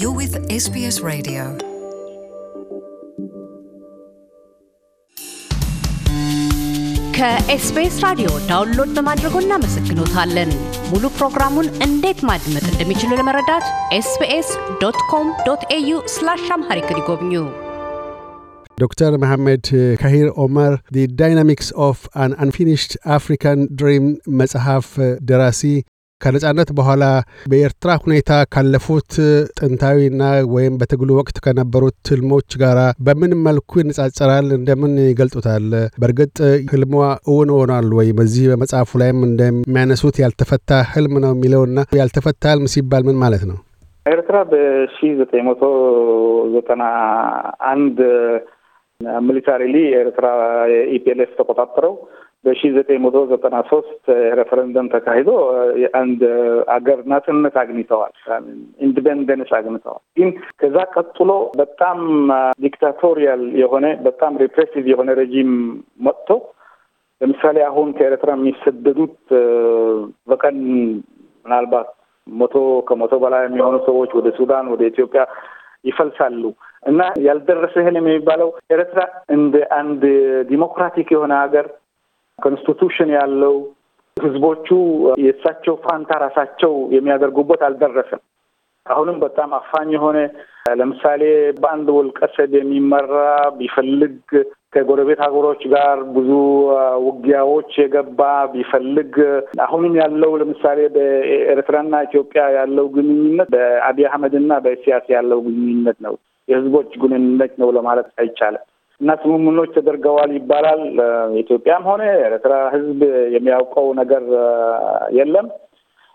You're with SBS Radio. ከኤስቢኤስ ራዲዮ ዳውንሎድ በማድረጎ እናመሰግኖታለን። ሙሉ ፕሮግራሙን እንዴት ማድመጥ እንደሚችሉ ለመረዳት ኤስቢኤስ ዶት ኮም ዶት ኤዩ ስላሽ አምሃሪክ ይጎብኙ። ዶክተር መሐመድ ካሂር ኦመር ዲ ዳይናሚክስ ኦፍ አን አንፊኒሽድ አፍሪካን ድሪም መጽሐፍ ደራሲ ከነጻነት በኋላ በኤርትራ ሁኔታ ካለፉት ጥንታዊና ወይም በትግሉ ወቅት ከነበሩት ህልሞች ጋር በምን መልኩ ይነጻጸራል? እንደምን ይገልጡታል? በእርግጥ ህልሟ እውን ሆኗል ወይ? በዚህ በመጽሐፉ ላይም እንደሚያነሱት ያልተፈታ ህልም ነው የሚለውና ያልተፈታ ህልም ሲባል ምን ማለት ነው? ኤርትራ በሺ ዘጠኝ መቶ ዘጠና አንድ ሚሊታሪሊ ኤርትራ የኢፒኤልኤፍ ተቆጣጠረው በሺ ዘጠኝ መቶ ዘጠና ሶስት ሬፈረንደም ተካሂዶ አንድ አገር ናጽነት አግኝተዋል፣ ኢንዲፔንደንስ አግኝተዋል። ግን ከዛ ቀጥሎ በጣም ዲክታቶሪያል የሆነ በጣም ሪፕሬሲቭ የሆነ ሬጂም መጥቶ ለምሳሌ አሁን ከኤርትራ የሚሰደዱት በቀን ምናልባት መቶ ከመቶ በላይ የሚሆኑ ሰዎች ወደ ሱዳን፣ ወደ ኢትዮጵያ ይፈልሳሉ እና ያልደረሰ የሚባለው ኤርትራ እንደ አንድ ዲሞክራቲክ የሆነ ሀገር ኮንስቲቱሽን ያለው ህዝቦቹ የእሳቸው ፋንታ ራሳቸው የሚያደርጉበት አልደረሰም። አሁንም በጣም አፋኝ የሆነ ለምሳሌ በአንድ ወልቀሰድ የሚመራ ቢፈልግ ከጎረቤት ሀገሮች ጋር ብዙ ውጊያዎች የገባ ቢፈልግ አሁንም ያለው ለምሳሌ በኤርትራና ኢትዮጵያ ያለው ግንኙነት በአብይ አህመድና በኢሳያስ ያለው ግንኙነት ነው፣ የህዝቦች ግንኙነት ነው ለማለት አይቻልም። እና ስምምኖች ተደርገዋል ይባላል። ኢትዮጵያም ሆነ ኤርትራ ህዝብ የሚያውቀው ነገር የለም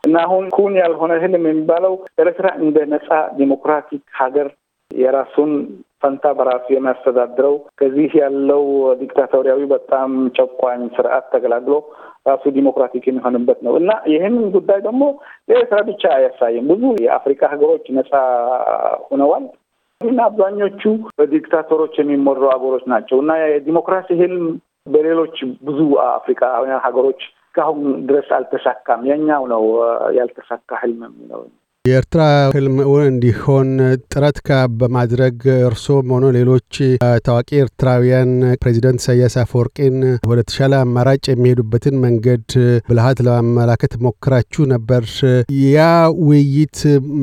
እና አሁን ኩን ያልሆነ ህልም የሚባለው ኤርትራ እንደ ነጻ ዲሞክራቲክ ሀገር የራሱን ፈንታ በራሱ የሚያስተዳድረው ከዚህ ያለው ዲክታቶሪያዊ በጣም ጨቋኝ ስርዓት ተገላግሎ ራሱ ዲሞክራቲክ የሚሆንበት ነው እና ይህንን ጉዳይ ደግሞ ለኤርትራ ብቻ አያሳይም። ብዙ የአፍሪካ ሀገሮች ነጻ ሆነዋል። ግን አብዛኞቹ በዲክታተሮች የሚመሩ ሀገሮች ናቸው እና የዲሞክራሲ ህልም በሌሎች ብዙ አፍሪካ ሀገሮች እስካሁን ድረስ አልተሳካም። የኛው ነው ያልተሳካ ህልም የሚለው የኤርትራ ህልም እውን እንዲሆን ጥረት በማድረግ እርሶ ሆነ ሌሎች ታዋቂ ኤርትራውያን ፕሬዚደንት ኢሳያስ አፈወርቂን ወደ ተሻለ አማራጭ የሚሄዱበትን መንገድ ብልሃት ለማመላከት ሞክራችሁ ነበር። ያ ውይይት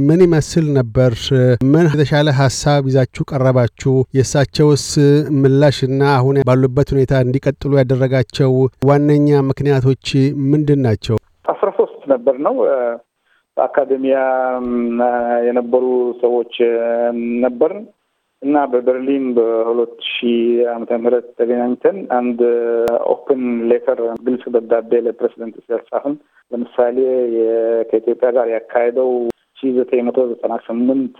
ምን ይመስል ነበር? ምን የተሻለ ሀሳብ ይዛችሁ ቀረባችሁ? የእሳቸውስ እና አሁን ባሉበት ሁኔታ እንዲቀጥሉ ያደረጋቸው ዋነኛ ምክንያቶች ምንድን ናቸው? አስራ ሶስት ነበር ነው በአካደሚያ የነበሩ ሰዎች ነበር እና በበርሊን በሁለት ሺ አመተ ምህረት ተገናኝተን አንድ ኦፕን ሌተር ግልጽ ደብዳቤ ለፕሬዚደንት ኢሳያስ ለምሳሌ ከኢትዮጵያ ጋር ያካሄደው ሺ ዘጠኝ መቶ ዘጠና ስምንት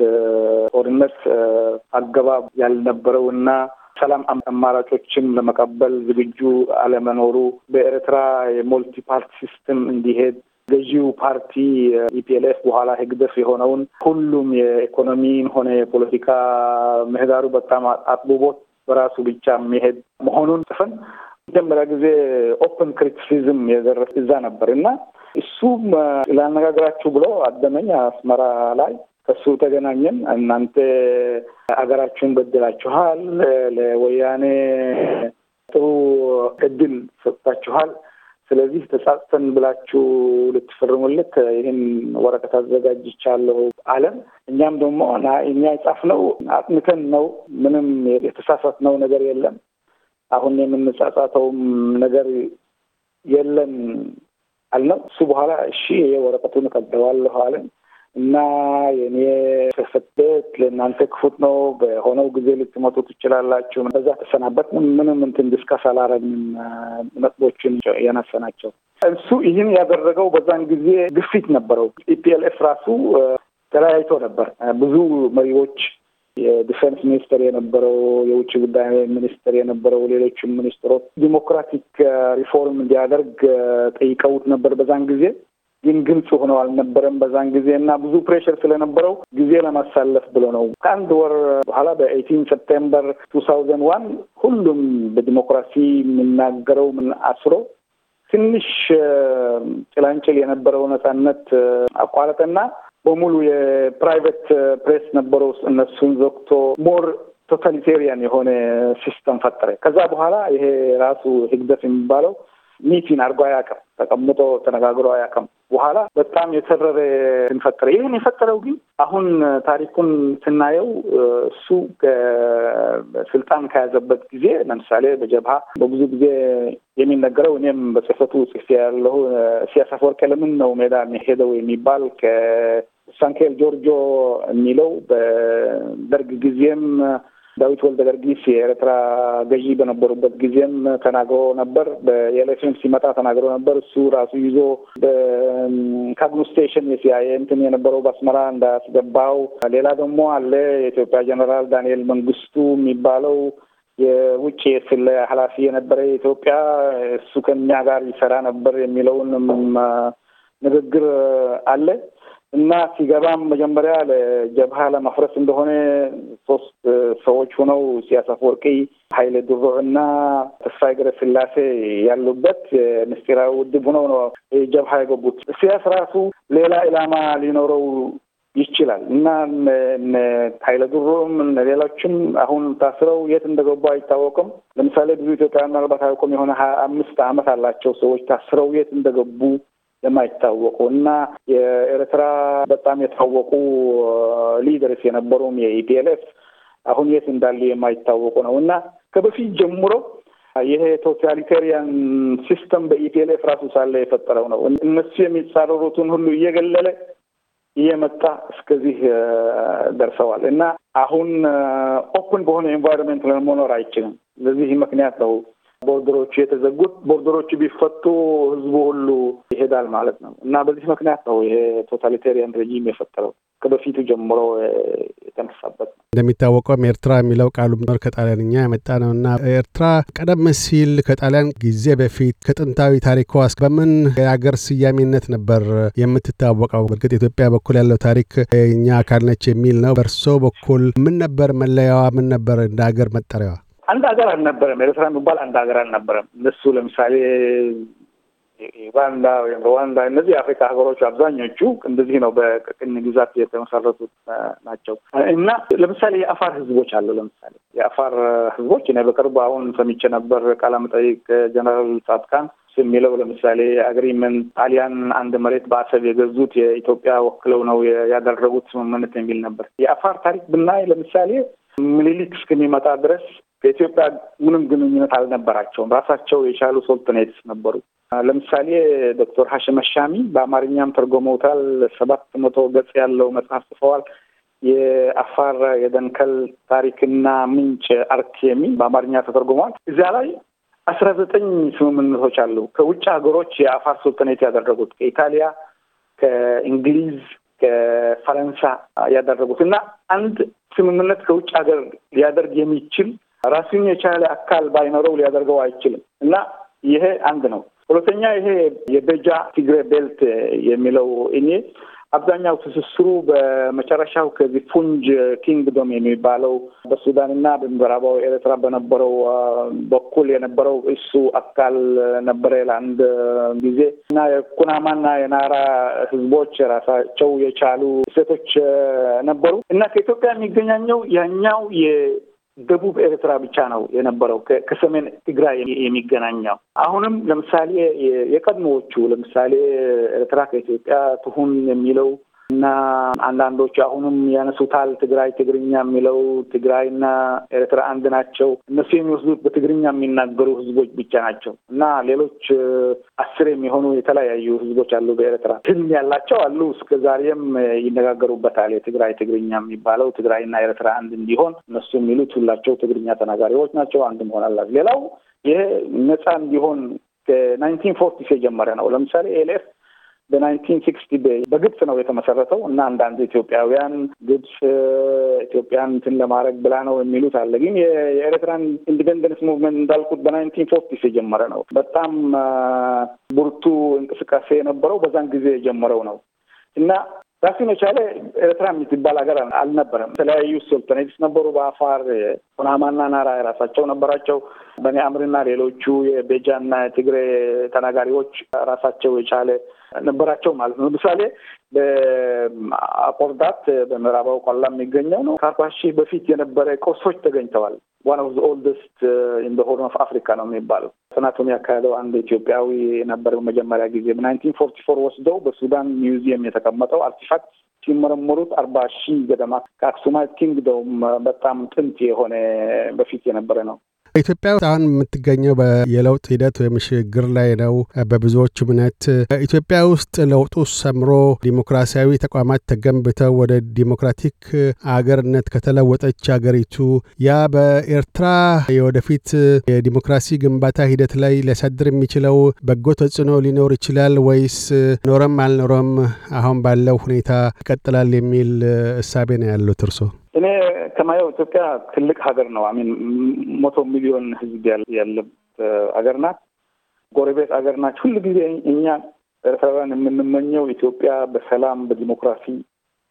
ጦርነት አገባብ ያልነበረው እና ሰላም አማራጮችን ለመቀበል ዝግጁ አለመኖሩ፣ በኤርትራ የሞልቲፓርት ሲስተም እንዲሄድ ገዢው ፓርቲ ኢፒኤልኤፍ በኋላ ህግደፍ የሆነውን ሁሉም የኢኮኖሚን ሆነ የፖለቲካ ምህዳሩ በጣም አጥብቦት በራሱ ብቻ የሚሄድ መሆኑን ጽፈን መጀመሪያ ጊዜ ኦፕን ክሪቲሲዝም የደረስ እዛ ነበር እና እሱም ላነጋግራችሁ ብሎ አደመኝ አስመራ ላይ ከሱ ተገናኘን። እናንተ ሀገራችሁን በድላችኋል፣ ለወያኔ ጥሩ እድል ሰጥታችኋል ስለዚህ ተጻጽተን ብላችሁ ልትፈርሙለት ይህን ወረቀት አዘጋጅቻለሁ አለን። እኛም ደግሞ እኛ የጻፍነው አጥንተን ነው። ምንም የተሳሳትነው ነገር የለም። አሁን የምንጻጻተውም ነገር የለም አልነው። እሱ በኋላ እሺ ወረቀቱን እቀበለዋለሁ አለን። እና የኔ ጽሕፈት ለእናንተ ክፉት ነው፣ በሆነው ጊዜ ልትመጡ ትችላላችሁ። በዛ ተሰናበት። ምንም እንትን ዲስካስ አላረግም። ነጥቦችን ያነሳናቸው። እሱ ይህን ያደረገው በዛን ጊዜ ግፊት ነበረው። ኢፒኤልኤፍ ራሱ ተለያይቶ ነበር። ብዙ መሪዎች የዲፌንስ ሚኒስትር የነበረው የውጭ ጉዳይ ሚኒስትር የነበረው ሌሎችም ሚኒስትሮች ዲሞክራቲክ ሪፎርም እንዲያደርግ ጠይቀውት ነበር በዛን ጊዜ ግን ግልጽ ሆኖ አልነበረም በዛን ጊዜ እና ብዙ ፕሬሽር ስለነበረው ጊዜ ለማሳለፍ ብሎ ነው። ከአንድ ወር በኋላ በኤይቲን ሰፕቴምበር ቱ ዋን ሁሉም በዲሞክራሲ የሚናገረው ምን አስሮ ትንሽ ጭላንጭል የነበረው ነፃነት አቋረጠና በሙሉ የፕራይቬት ፕሬስ ነበረው። እነሱን ዘግቶ ሞር ቶታሊቴሪያን የሆነ ሲስተም ፈጠረ። ከዛ በኋላ ይሄ ራሱ ህግደት የሚባለው ሚቲን አድርጎ አያውቅም። ተቀምጦ ተነጋግሮ አያውቅም። በኋላ በጣም የተረረ እንፈጠረ። ይህን የፈጠረው ግን አሁን ታሪኩን ስናየው እሱ ስልጣን ከያዘበት ጊዜ ለምሳሌ በጀብሃ በብዙ ጊዜ የሚነገረው እኔም በጽህፈቱ ጽፌ ያለሁ ኢሳያስ አፈወርቂ ለምን ነው ሜዳ ሄደው የሚባል ከሳንኬል ጆርጆ የሚለው በደርግ ጊዜም ዳዊት ወልደ ገርጊስ የኤርትራ ገዢ በነበሩበት ጊዜም ተናግሮ ነበር። በኤሌክሽን ሲመጣ ተናግሮ ነበር። እሱ ራሱ ይዞ በካግኑ ስቴሽን የሲአይኤ እንትን የነበረው በአስመራ እንዳስገባው። ሌላ ደግሞ አለ የኢትዮጵያ ጀኔራል ዳንኤል መንግስቱ የሚባለው የውጭ የስለ ኃላፊ የነበረ የኢትዮጵያ እሱ ከኛ ጋር ይሰራ ነበር የሚለውን ንግግር አለ። እና ሲገባም መጀመሪያ ለጀብሃ ለማፍረስ እንደሆነ ሶስት ሰዎች ሆነው ኢሳያስ አፈወርቂ፣ ሀይሌ ድሮ እና ገረ ስላሴ ያሉበት ምስጢራዊ ውድብ ሆነው ነው ጀብሃ የገቡት። ሲያስ ራሱ ሌላ ኢላማ ሊኖረው ይችላል እና ሀይለ ድሮም ሌሎችም አሁን ታስረው የት እንደገቡ አይታወቅም። ለምሳሌ ብዙ ኢትዮጵያ ምናልባት አያውቁም። የሆነ ሀያ አምስት አመት አላቸው ሰዎች ታስረው የት እንደገቡ የማይታወቁ እና የኤርትራ በጣም የታወቁ ሊደርስ የነበሩም የኢፒኤልኤፍ አሁን የት እንዳሉ የማይታወቁ ነው እና ከበፊት ጀምሮ ይሄ ቶታሊታሪያን ሲስተም በኢፒኤልኤፍ ራሱ ሳለ የፈጠረው ነው። እነሱ የሚጻረሩትን ሁሉ እየገለለ እየመጣ እስከዚህ ደርሰዋል እና አሁን ኦፕን በሆነ ኤንቫይሮንመንት ለመኖር አይችልም። በዚህ ምክንያት ነው ቦርደሮቹ የተዘጉት። ቦርደሮቹ ቢፈቱ ህዝቡ ሁሉ ይሄዳል ማለት ነው እና በዚህ ምክንያት ነው ይሄ ቶታሊታሪያን ሬጂም የፈጠረው ከበፊቱ ጀምሮ የተነሳበት ነው። እንደሚታወቀውም ኤርትራ የሚለው ቃሉ ምር ከጣሊያንኛ የመጣ ነው እና ኤርትራ ቀደም ሲል ከጣሊያን ጊዜ በፊት ከጥንታዊ ታሪኳ በምን የሀገር ስያሜነት ነበር የምትታወቀው? እርግጥ ኢትዮጵያ በኩል ያለው ታሪክ የእኛ አካል ነች የሚል ነው። በእርሶ በኩል ምን ነበር መለያዋ? ምን ነበር እንደ ሀገር መጠሪያዋ? አንድ ሀገር አልነበረም። ኤርትራ የሚባል አንድ ሀገር አልነበረም። እነሱ ለምሳሌ ዩጋንዳ ወይም ሩዋንዳ እነዚህ የአፍሪካ ሀገሮች አብዛኞቹ እንደዚህ ነው፣ በቅኝ ግዛት የተመሰረቱት ናቸው እና ለምሳሌ የአፋር ህዝቦች አሉ። ለምሳሌ የአፋር ህዝቦች እኔ በቅርቡ አሁን ሰሚቼ ነበር ቃለመጠይቅ ጀነራል ጻድቃን የሚለው ለምሳሌ አግሪመንት ጣሊያን አንድ መሬት በአሰብ የገዙት የኢትዮጵያ ወክለው ነው ያደረጉት ስምምነት የሚል ነበር። የአፋር ታሪክ ብናይ ለምሳሌ ምኒልክ እስከሚመጣ ድረስ ከኢትዮጵያ ምንም ግንኙነት አልነበራቸውም። ራሳቸው የቻሉ ሶልትኔትስ ነበሩ። ለምሳሌ ዶክተር ሀሽም አሻሚ በአማርኛም ተርጎመውታል። ሰባት መቶ ገጽ ያለው መጽሐፍ ጽፈዋል። የአፋር የደንከል ታሪክና ምንጭ አርክ የሚል በአማርኛ ተተርጉሟል። እዚያ ላይ አስራ ዘጠኝ ስምምነቶች አሉ ከውጭ ሀገሮች የአፋር ሱልጣኔት ያደረጉት ከኢታሊያ፣ ከእንግሊዝ፣ ከፈረንሳ ያደረጉት እና አንድ ስምምነት ከውጭ ሀገር ሊያደርግ የሚችል ራሱን የቻለ አካል ባይኖረው ሊያደርገው አይችልም እና ይሄ አንድ ነው። ሁለተኛ ይሄ የቤጃ ትግሬ ቤልት የሚለው እኔ አብዛኛው ትስስሩ በመጨረሻው ከዚህ ፉንጅ ኪንግዶም የሚባለው በሱዳንና በምዕራባዊ ኤርትራ በነበረው በኩል የነበረው እሱ አካል ነበረ ለአንድ ጊዜ እና የኩናማና የናራ ህዝቦች የራሳቸው የቻሉ ሴቶች ነበሩ እና ከኢትዮጵያ የሚገናኘው ያኛው ደቡብ ኤርትራ ብቻ ነው የነበረው ከሰሜን ትግራይ የሚገናኘው። አሁንም ለምሳሌ የቀድሞዎቹ ለምሳሌ ኤርትራ ከኢትዮጵያ ትሁን የሚለው እና አንዳንዶቹ አሁንም ያነሱታል። ትግራይ ትግርኛ የሚለው ትግራይና ኤርትራ አንድ ናቸው። እነሱ የሚወስዱት በትግርኛ የሚናገሩ ህዝቦች ብቻ ናቸው እና ሌሎች አስር የሚሆኑ የተለያዩ ህዝቦች አሉ በኤርትራ ህልም ያላቸው አሉ። እስከ ዛሬም ይነጋገሩበታል። የትግራይ ትግርኛ የሚባለው ትግራይና ኤርትራ አንድ እንዲሆን እነሱ የሚሉት ሁላቸው ትግርኛ ተናጋሪዎች ናቸው። አንድ መሆን አላት። ሌላው ይሄ ነጻ እንዲሆን ከናይንቲን ፎርቲስ የጀመረ ነው። ለምሳሌ ኤልኤፍ በናይንቲን ሲክስቲ በግብጽ ነው የተመሰረተው እና አንዳንድ ኢትዮጵያውያን ግብፅ ኢትዮጵያን እንትን ለማድረግ ብላ ነው የሚሉት አለ። ግን የኤርትራን ኢንዲፔንደንስ ሙቭመንት እንዳልኩት በናይንቲን ፎርቲስ የጀመረ ነው። በጣም ብርቱ እንቅስቃሴ የነበረው በዛን ጊዜ የጀመረው ነው እና ራሱን የቻለ ኤርትራ የምትባል ሀገር አልነበረም። የተለያዩ ሶልተኔትስ ነበሩ። በአፋር ሆናማና ናራ የራሳቸው ነበራቸው። በኒያምርና ሌሎቹ የቤጃና የትግሬ ተናጋሪዎች ራሳቸው የቻለ ነበራቸው ማለት ነው። ለምሳሌ በአቆርዳት በምዕራባዊ ቋላ የሚገኘው ነው። ከአርባ ሺህ በፊት የነበረ ቅርሶች ተገኝተዋል። ዋን ኦፍ ዘ ኦልደስት ኢን ዘ ሆርን ኦፍ አፍሪካ ነው የሚባለው። ጥናቱን ያካሄደው አንድ ኢትዮጵያዊ የነበረው መጀመሪያ ጊዜ በናይንቲን ፎርቲ ፎር ወስደው በሱዳን ሚውዚየም የተቀመጠው አርቲፋክት ሲመረመሩት አርባ ሺህ ገደማ ከአክሱማይት ኪንግዶም በጣም ጥንት የሆነ በፊት የነበረ ነው። ኢትዮጵያ አሁን የምትገኘው የለውጥ ሂደት ወይም ሽግግር ላይ ነው በብዙዎች እምነት። ኢትዮጵያ ውስጥ ለውጡ ሰምሮ ዲሞክራሲያዊ ተቋማት ተገንብተው ወደ ዲሞክራቲክ አገርነት ከተለወጠች አገሪቱ ያ በኤርትራ የወደፊት የዲሞክራሲ ግንባታ ሂደት ላይ ሊያሳድር የሚችለው በጎ ተጽዕኖ ሊኖር ይችላል ወይስ ኖረም አልኖረም አሁን ባለው ሁኔታ ይቀጥላል የሚል እሳቤ ነው ያሉት እርሶ? እኔ ከማየው ኢትዮጵያ ትልቅ ሀገር ነው። አሚን መቶ ሚሊዮን ህዝብ ያለበት ሀገር ናት። ጎረቤት ሀገር ናች። ሁሉ ጊዜ እኛ ኤርትራውያን የምንመኘው ኢትዮጵያ በሰላም በዲሞክራሲ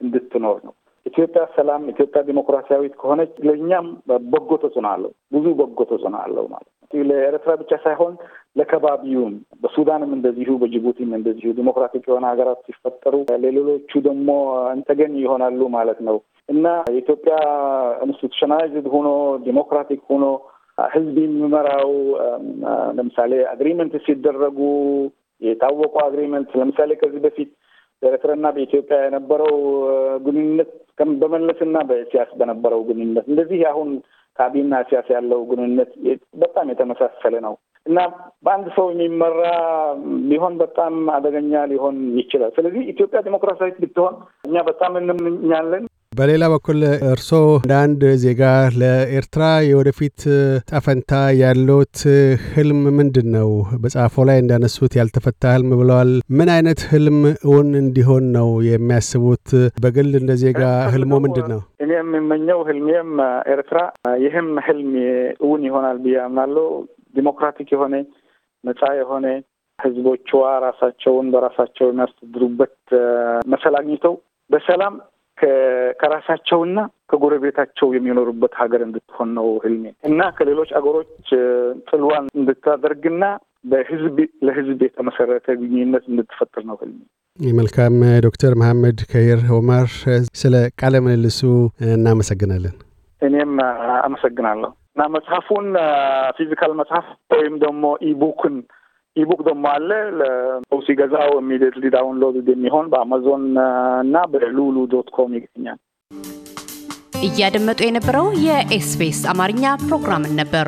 እንድትኖር ነው። ኢትዮጵያ ሰላም፣ ኢትዮጵያ ዲሞክራሲያዊት ከሆነች ለእኛም በጎ ተጽዕኖ አለው፣ ብዙ በጎ ተጽዕኖ አለው ማለት ነው። ለኤርትራ ብቻ ሳይሆን ለከባቢውም በሱዳንም እንደዚሁ በጅቡቲም እንደዚሁ ዲሞክራቲክ የሆነ ሀገራት ሲፈጠሩ ለሌሎቹ ደግሞ እንተገኝ ይሆናሉ ማለት ነው እና የኢትዮጵያ ኢንስቲቱሽናላይዝድ ሆኖ ዲሞክራቲክ ሆኖ ህዝብ የሚመራው ለምሳሌ አግሪመንት ሲደረጉ የታወቁ አግሪመንት ለምሳሌ ከዚህ በፊት በኤርትራና በኢትዮጵያ የነበረው ግንኙነት በመለስና በሲያስ በነበረው ግንኙነት እንደዚህ አሁን ካቢና ሲያስ ያለው ግንኙነት በጣም የተመሳሰለ ነው። እና በአንድ ሰው የሚመራ ሊሆን በጣም አደገኛ ሊሆን ይችላል። ስለዚህ ኢትዮጵያ ዲሞክራሲያዊት ብትሆን እኛ በጣም እንምኛለን። በሌላ በኩል እርስዎ እንደ አንድ ዜጋ ለኤርትራ የወደፊት ጠፈንታ ያለዎት ህልም ምንድን ነው? በጻፎ ላይ እንዳነሱት ያልተፈታ ህልም ብለዋል። ምን አይነት ህልም እውን እንዲሆን ነው የሚያስቡት? በግል እንደ ዜጋ ህልሞ ምንድን ነው? እኔ የምመኘው ህልሜም ኤርትራ ይህም ህልም እውን ይሆናል ብዬ አምናለሁ። ዲሞክራቲክ የሆነ ነጻ የሆነ ህዝቦቿ ራሳቸውን በራሳቸው የሚያስተድሩበት መሰል አግኝተው በሰላም ከራሳቸውና ከጎረቤታቸው የሚኖሩበት ሀገር እንድትሆን ነው ህልሜ እና ከሌሎች አገሮች ጥልዋን እንድታደርግና በህዝብ ለህዝብ የተመሰረተ ግንኙነት እንድትፈጥር ነው ህልሜ። መልካም ዶክተር መሐመድ ከይር ኦማር ስለ ቃለ ምልልሱ እናመሰግናለን። እኔም አመሰግናለሁ። እና መጽሐፉን ፊዚካል መጽሐፍ ወይም ደግሞ ኢቡክን ኢቡክ ደግሞ አለ ለሰው ሲገዛው ኢሚዲየትሊ ዳውንሎድ የሚሆን በአማዞን እና በሉሉ ዶት ኮም ይገኛል። እያደመጡ የነበረው የኤስቢኤስ አማርኛ ፕሮግራምን ነበር።